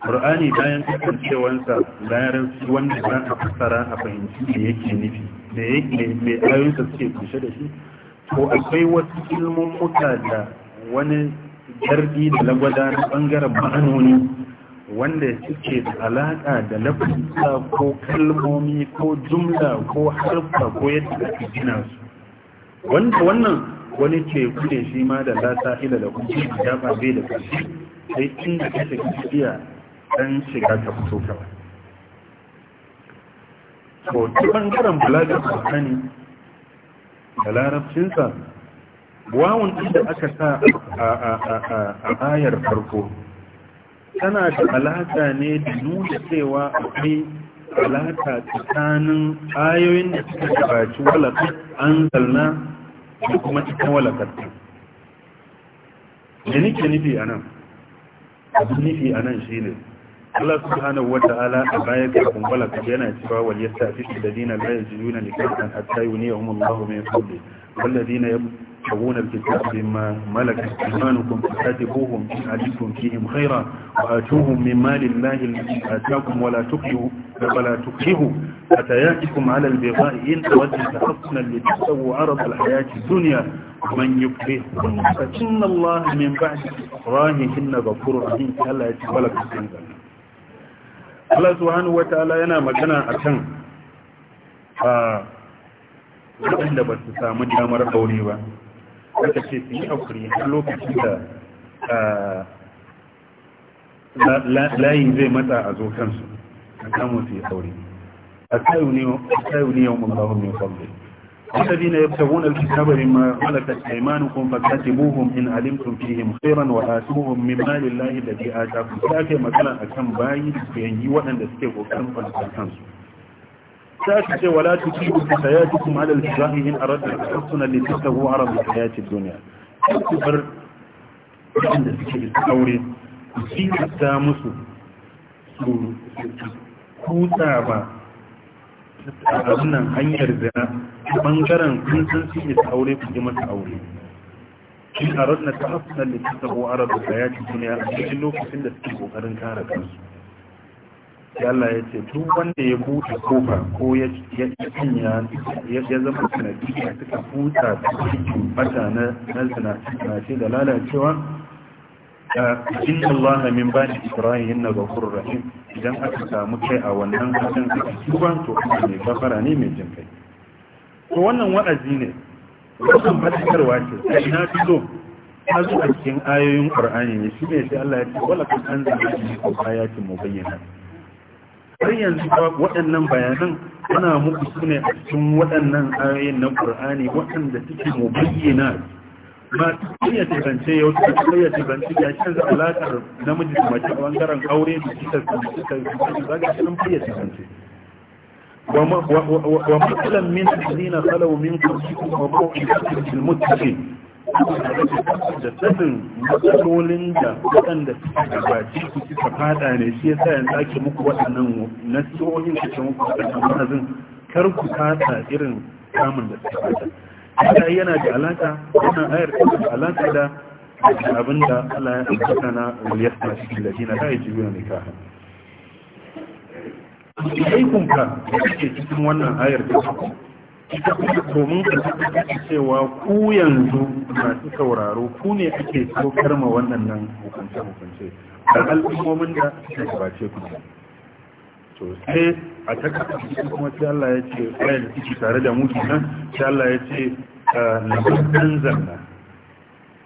qur'ani bayan kasancewansa bayan wanda za a fassara a fahimci da yake nufi me yake me ayoyinsa suke kunshe da shi ko akwai wasu ilmin muka da wani jirgi da lagwada na bangaren ma'anoni wanda suke da alaƙa da lafisa ko kalmomi ko jumla ko harfa ko yadda ake gina su wanda wannan wani ce kude shi ma da ta ila da kuma ya ba bai da kashi sai inda ka shiga tafiya ɗan shiga ta fito kawai to ta bangaren balagar kwakani da larabcinsa wawun inda aka sa a ayar farko tana da alaƙa ne da nuna cewa akwai alaƙa tsakanin ayoyin da suka gabaci walakar an zalna da kuma cikin walakar da nake nufi a nan abin nufi a nan shi ne الله سبحانه وتعالى أباية كمبلة كبيرة يتبع وليستعفش الذين لا يجدون نكاحا حتى ينيهم الله من قبله والذين يبقون الكتاب بما ملك إيمانكم فكاتبوهم إن عليكم فيهم خيرا وآتوهم من مال الله الذي آتاكم ولا تكرهوا فلا تكرهوا حتى على البغاء إن تودوا تحصنا لتستووا عرض الحياة الدنيا ومن يكرهكم فإن الله من بعد إكراههن غفور رحيم كلا يتبلك Allah subhanahu wataala yana magana akan a waɗanda ba su samu damar aure ba aka ce su yi aure a lokacin da layin zai matsa a zo kansu a kamun su yi aure a sayu ne yau mun zama mai kwallo الذين يبتغون الكتاب مما ملكت ايمانكم فكاتبوهم ان علمتم فيهم خيرا واتوهم من مال الله الذي اتاكم ساكي مثلا akan bayi da yanyi waɗanda suke kokarin falsafansu ساكي ce wala tusibu sayatikum ala al-jahi in aradna al-husna li tasawu arab al-hayat ad-dunya suke aure ku sirta musu su ba a wannan hanyar zina ɓangaren sun san su ne aure ku ji masa aure shi a rana ta ta sabo a rana da ya ci duniya a cikin lokacin da suke kokarin kara kansu yalla ya ce tun wanda ya buɗe kofa ko ya sanya ya zama sanadi da suka buta cikin bata na zina da lalacewa in Allah na min bani Ibrahim inna ghafur rahim idan aka samu kai a wannan hadin kuban to ne gafara ne mai jinkai to wannan wa'azi ne wannan fadakarwa ce sai na fito a cikin ayoyin ƙur'ani ne shi ne sai Allah ya ce wala kan anzala ilayka ayatin mubayyinat har yanzu waɗannan bayanan ana muku su ne a cikin waɗannan ayoyin na ƙur'ani waɗanda suke mubayyinat ba su ta tebance ta ya namiji da mace aure da cikin su ta ta ta wa zina cikin da sanin matsalolin da waɗanda suka gabaci su suka fada ne shi yasa yanzu ake muku waɗannan nasihohin da ta muku waɗannan mazin kar ku kasa irin samun da suka fata. Allah yana da alaka wannan ayar tana da alaka da abin da Allah ya ambata na waliyasta shi da jina da yake yi ne kaha aikun ka da suke cikin wannan ayar da ku ita kuma domin ka tabbata cewa ku yanzu masu sauraro ku ne ake saukar ma wannan nan hukunce hukunce da al'ummomin da suka gabace ku Sosai a takaice kuma sai Allah ya ce ayar da suke tare da mu nan?' sai Allah ya ce ah, na ban zanna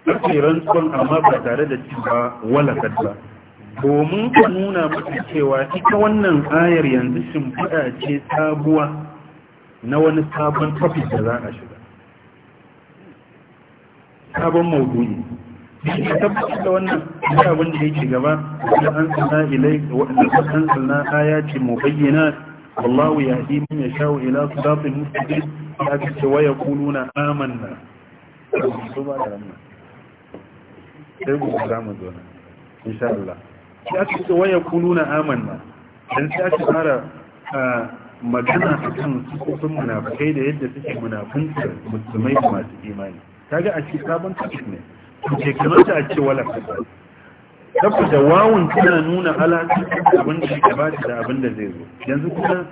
sai rantsuwan amma ba tare da cewa wala kadda domin ka nuna maka cewa ita wannan ayar yanzu shimfiɗa ce sabuwa na wani sabon topic da za a shiga sabon maudu'i ka tabbatar da wannan da abin da yake gaba da an sana ilai da an sana ayati mubayyinat wallahu yahdi man yashau ila siratin mustaqim ya ce wa yaquluna amanna su ba da wannan sai ku ga mu zo insha Allah ya ce wa yaquluna amanna dan sai aka fara magana akan sukufin munafukai da yadda suke munafunta musulmai masu imani kaga a cikin sabon kafin ne ke kamata a ce wala kaza da wawun tana nuna alaƙar abin da ya bata da abin da zai zo yanzu kuma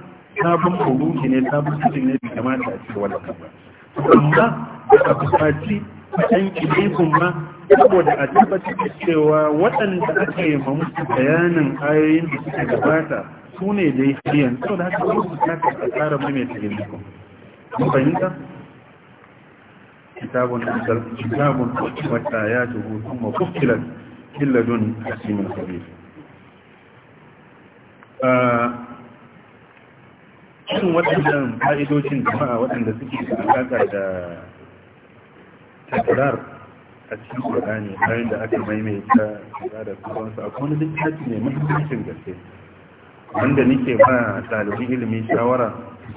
sabon kuruki ne sabon cikin ne bai kamata a ce wala kaza amma da fusaci ɗan kilifin kuma saboda a tabbatar da cewa waɗanda aka yi ma musu bayanin ayoyin da suka gabata su ne da ya hariyan saboda haka su ta ka tsara mai mai kilifin mun fahimta كتاب كتاب حكمت آياته ثم فصلت من لدن حكيم خبير irin waɗannan fa'idocin jama'a waɗanda suke da alaƙa da tattarar a cikin ƙwaɗani bayan da aka maimaita shiga da sauransu a wani littafi mai mahimmancin gaske wanda nike ba ɗalibin ilimin shawara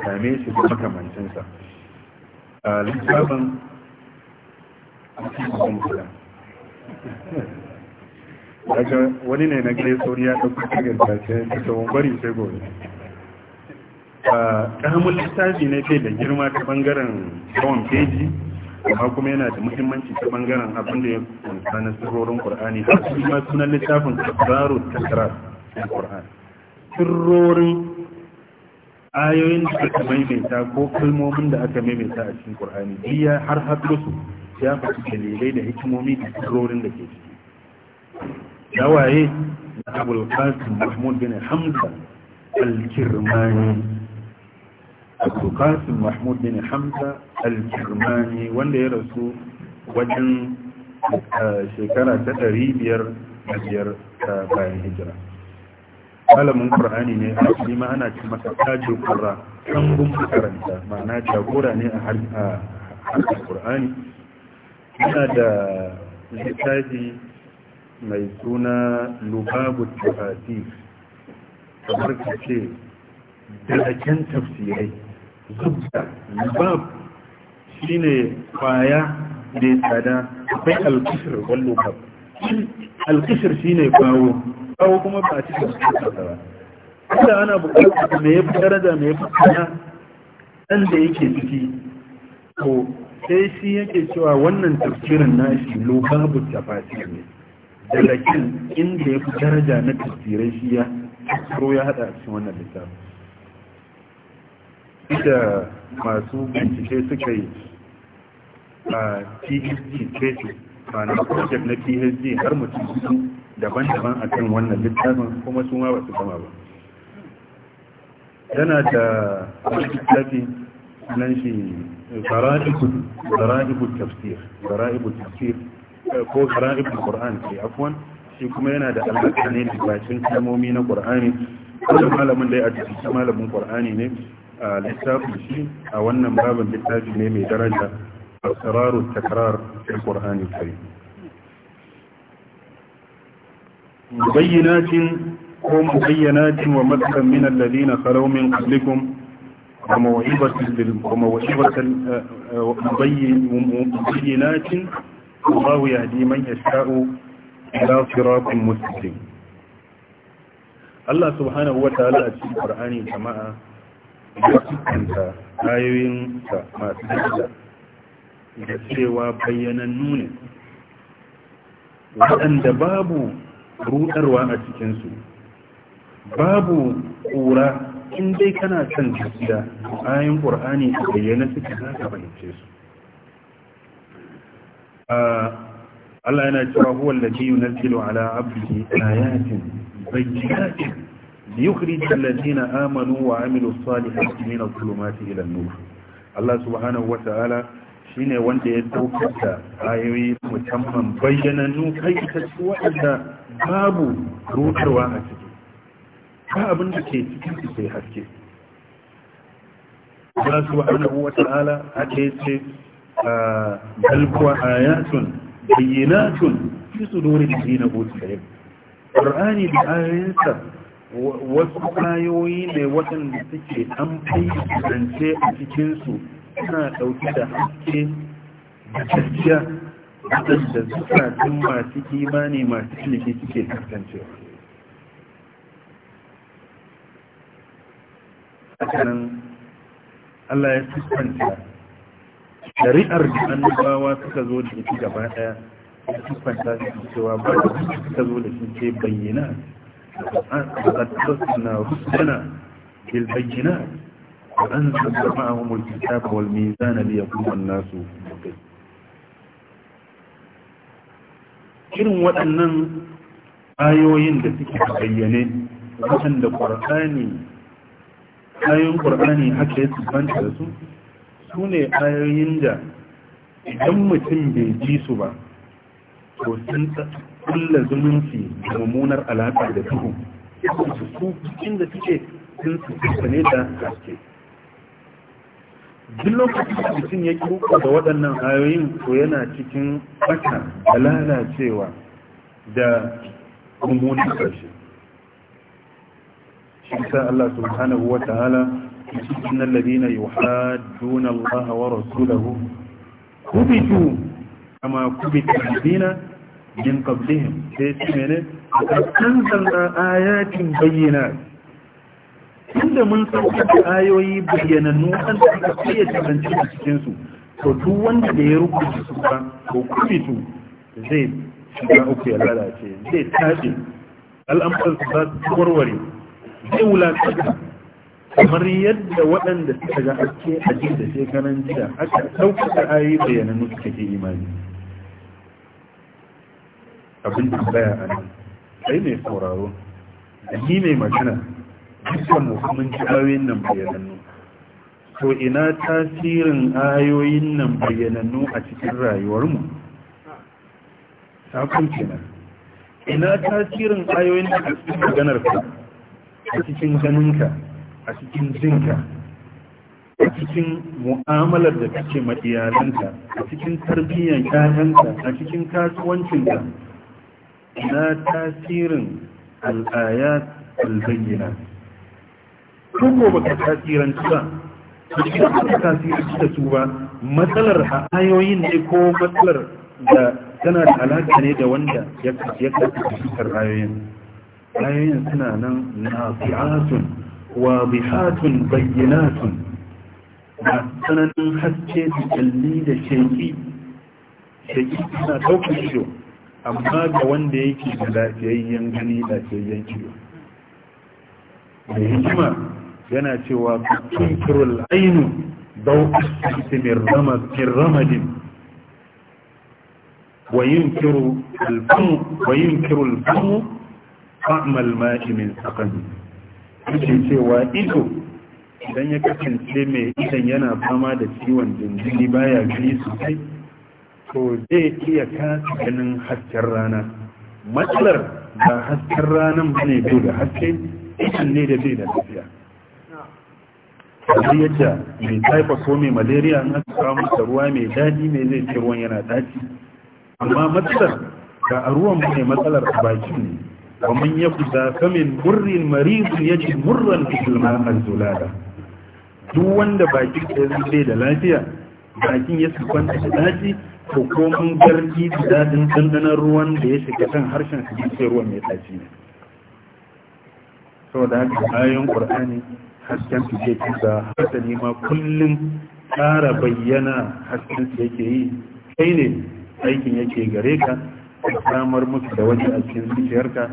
same shi da makamancinsa a littafin daga wani ne na gare ya ɗauka tagar tace da tawon bari sai gobe ƙaramin littafi na bai da girma ta ɓangaren yawan peji amma kuma yana da muhimmanci ta ɓangaren abin da ya kunsa na sirrorin ƙur'ani har su ma sunan littafin tabbaro takrar na ƙur'ani sirrorin ayoyin da aka maimaita ko kalmomin da aka maimaita a cikin ƙur'ani biya har haɗu su ya faɗi dalilai da hikimomi da tsororin da ke ciki ya waye na abul qasim mahmud bin hamza al-kirmani abul qasim mahmud bin hamza al-kirmani wanda ya rasu wajen shekara ta ɗari biyar da biyar ta bayan hijira malamin ƙur'ani ne a cikin ma ana cin masa tajin ƙura ɗan makaranta ma'ana jagora ne a harkar ƙur'ani yana da littafi mai suna lubabu tafati kamar ka ce dalakin tafsirai zubda lubab shi ne kwaya da tsada akwai alkishir lubab alkishir shi ne kawo kawo kuma ba a cikin suka ba inda ana bukata mai fi daraja mai fi tsada ɗan da yake ciki ko sai shi yake cewa wannan tafsirin nashi lubabu tafasir ne daga kin inda ya fi daraja na tafsirai shi ya tsaro ya hada cikin wannan littafin da masu bincike suka yi a phd tracy na project na phd har mutum daban-daban a kan wannan littafin kuma su ma ba su gama ba yana da wani nan shi zara'ibu tafsir zara'ibu tafsir ko zara'ibu qur'an sai afwan shi kuma yana da alaƙa ne da bacin kalmomi na qur'ani wannan malamin da ya ajiye malamin qur'ani ne a littafin shi a wannan babin littafi ne mai daraja a asrarut takrar fil qur'ani karim mubayyinatin ko mubayyinatin wa matsalan min alladhina khalaw min qablikum وموعظة مبينات الله يهدي من يشاء إلى صراط مستقيم Allah subhanahu wa ta'ala a cikin Qur'ani jama'a ya cikanta ayoyin sa masu daraja da cewa bayyanannu ne waɗanda babu ruɗarwa a cikinsu babu ƙura in dai kana son gaskiya ayin ƙur'ani a bayyana suke za ka fahimce su Allah yana cewa huwa alladhi yunzilu ala abdihi ayatin bayyinatin liyukhrij alladhina amanu wa amilu salihati min adh-dhulumati ila nur Allah subhanahu wa ta'ala shine wanda ya daukar da ayoyi musamman bayyanannu kai ta waɗanda babu rutarwa a ciki ba abin da ke cikin su sai haske Allah subhanahu wa ta'ala haka yace ah, bal kuwa ayatun bayyinatun fi da dina butsayin Qur'ani da ayoyinsa wasu ayoyi ne waɗanda suke an zance a cikinsu suna ɗauki da haske da gaskiya waɗanda zukatun masu imani masu ciniki suke kasancewa tsakanin Allah ya siffanta shari'ar da annabawa suka zo da shi gaba ɗaya, ya siffanta su cewa ba da suka zo da shi ce bayyana da na, rusana bil bayyana da an zama ma'ahum al ta wal mizana zana biya kuma nasu irin waɗannan ayoyin da suke bayyane waɗanda ƙwarƙani ayoyin ƙur'ani haka ya tsibanta da su su ne ayoyin da idan mutum bai ji su ba to sun kulla zumunci da mummunar alaƙa da duhu su su da suke sun su ne da haske duk lokacin da mutum ya ƙi da waɗannan ayoyin to yana cikin ɓata da lalacewa da mummunar ƙarshe شمساء الله سبحانه وتعالى إن الذين يحادون الله ورسوله كبتوا كما كبت الذين من قبلهم سيسمنا وقد أنزلنا آيات بينات inda mun san ayoyi bayyana an da kayyace zance a cikinsu to duk wanda da ya rubuta su ba ko kubitu zai shiga uku ya lalace zai tashi al'amuran su za su warware zai wulantaka kamar yadda waɗanda suka ga ake a da shekaran jiya aka ɗaukaka ayi bayanan suka ke imani abin da baya a nan kai mai sauraro da ni mai magana dukkan muhimmin ayoyin nan bayanan to ina tasirin ayoyin nan bayanannu a cikin rayuwarmu sakon kenan ina tasirin ayoyin da a cikin maganar ka a cikin ganinka a cikin jinka a cikin mu'amalar da kake ma iyalanka a cikin tarbiyyar ƴaƴanka a cikin kasuwancinka na tasirin al'ayat albayyana ko ba ka tasiranci ba idan baka tasiranci da su ba matsalar a ayoyin ne ko matsalar da tana da alaƙa ne da wanda ya kasance cikin ayoyin ayoyin suna nan nafi'atun wadihatun bayyinatun na tsananin haske da kalli da sheki sheki suna ɗaukar ido amma ga wanda yake da lafiyayyen gani lafiyayyen ido mai hikima yana cewa tunkirul ainu dau'asirti min ramadin وينكر الفم وينكر fa'amal ma'i min sakan yake cewa ido idan ya kasance mai idan yana fama da ciwon jinjini baya gani sosai to zai iya kasa ganin hasken rana matsalar ba hasken rana ba ne bai da haske idan ne da bai da lafiya kamar yadda mai taifa ko mai malaria na samu kawo ruwa mai daji mai zai ce ruwan yana daji amma matsalar ga a ruwan mai matsalar a bakin ne ومن يقضى فمن مر مريض يجد مرا في الماء الزلالة duk wanda bakin da zai da lafiya bakin ya kwanta da daji ko komin garji da dadin dandanar ruwan da ya shiga kan harshen su jikin ruwan mai tashi ne sau da haka ayon ƙur'ani hasken su ke tuza hasali ma kullum ƙara bayyana haskensu yake yi kai ne aikin yake gare ka samar musu da wani a cikin zuciyarka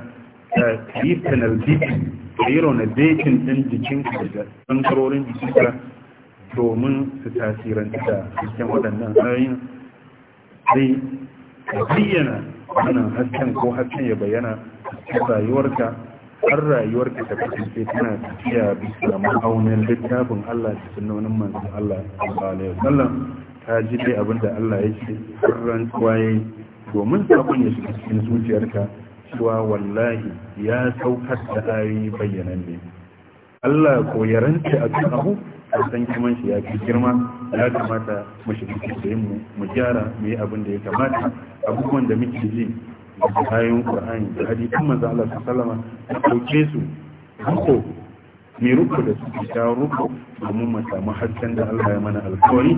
ka yi canalization da yi ɗin jikinka da ɓangarorin jikinka domin su tasiranta da cikin waɗannan hanyoyin zai bayyana wannan hasken ko hasken ya bayyana a rayuwarka har rayuwarka ta kasance tana tafiya bisa ma'aunin littafin Allah da sunonin manzon Allah sallallahu alaihi ta ji dai abin da Allah ya ce har domin sabon ya shiga cikin zuciyarka cewa wallahi ya saukar da ayoyi bayyanan ne Allah ko ya rance a kan abu a san kiman shi ya fi girma ya kamata mu shiga cikin yin mu gyara mu abin da ya kamata abubuwan da muke ji da ayoyin Qur'ani da hadisin manzo Allah sallallahu alaihi wasallam ko su ko mi ruku da su ta ruku domin mu samu hasken da Allah ya mana alƙawari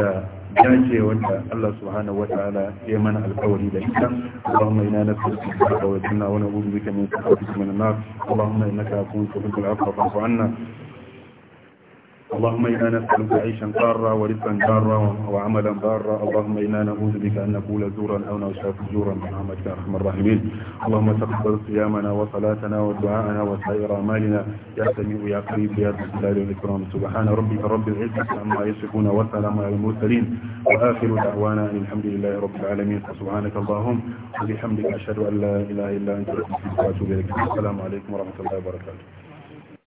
da dace wanda Allah subhanahu wataala ya mana alkawari da ita Allahumma inna nas'aluka wa wani na'udhu bika min sharri ma na Allahumma innaka afuwun tuhibbul 'afwa fa'fu 'anna اللهم إنا نسألك عيشا قارا ورزقا جارا وعملا بارا اللهم إنا نعوذ بك أن نقول زورا أو نشاء فجورا برحمتك يا أرحم الراحمين اللهم تقبل صيامنا وصلاتنا ودعاءنا وسائر أعمالنا يا سميع يا قريب يا ذا الجلال والإكرام سبحان ربك رب العزة عما يصفون وسلام على المرسلين وآخر دعوانا أن الحمد لله رب العالمين سبحانك اللهم وبحمدك أشهد أن لا إله إلا أنت وأتوب إليك السلام عليكم ورحمة الله وبركاته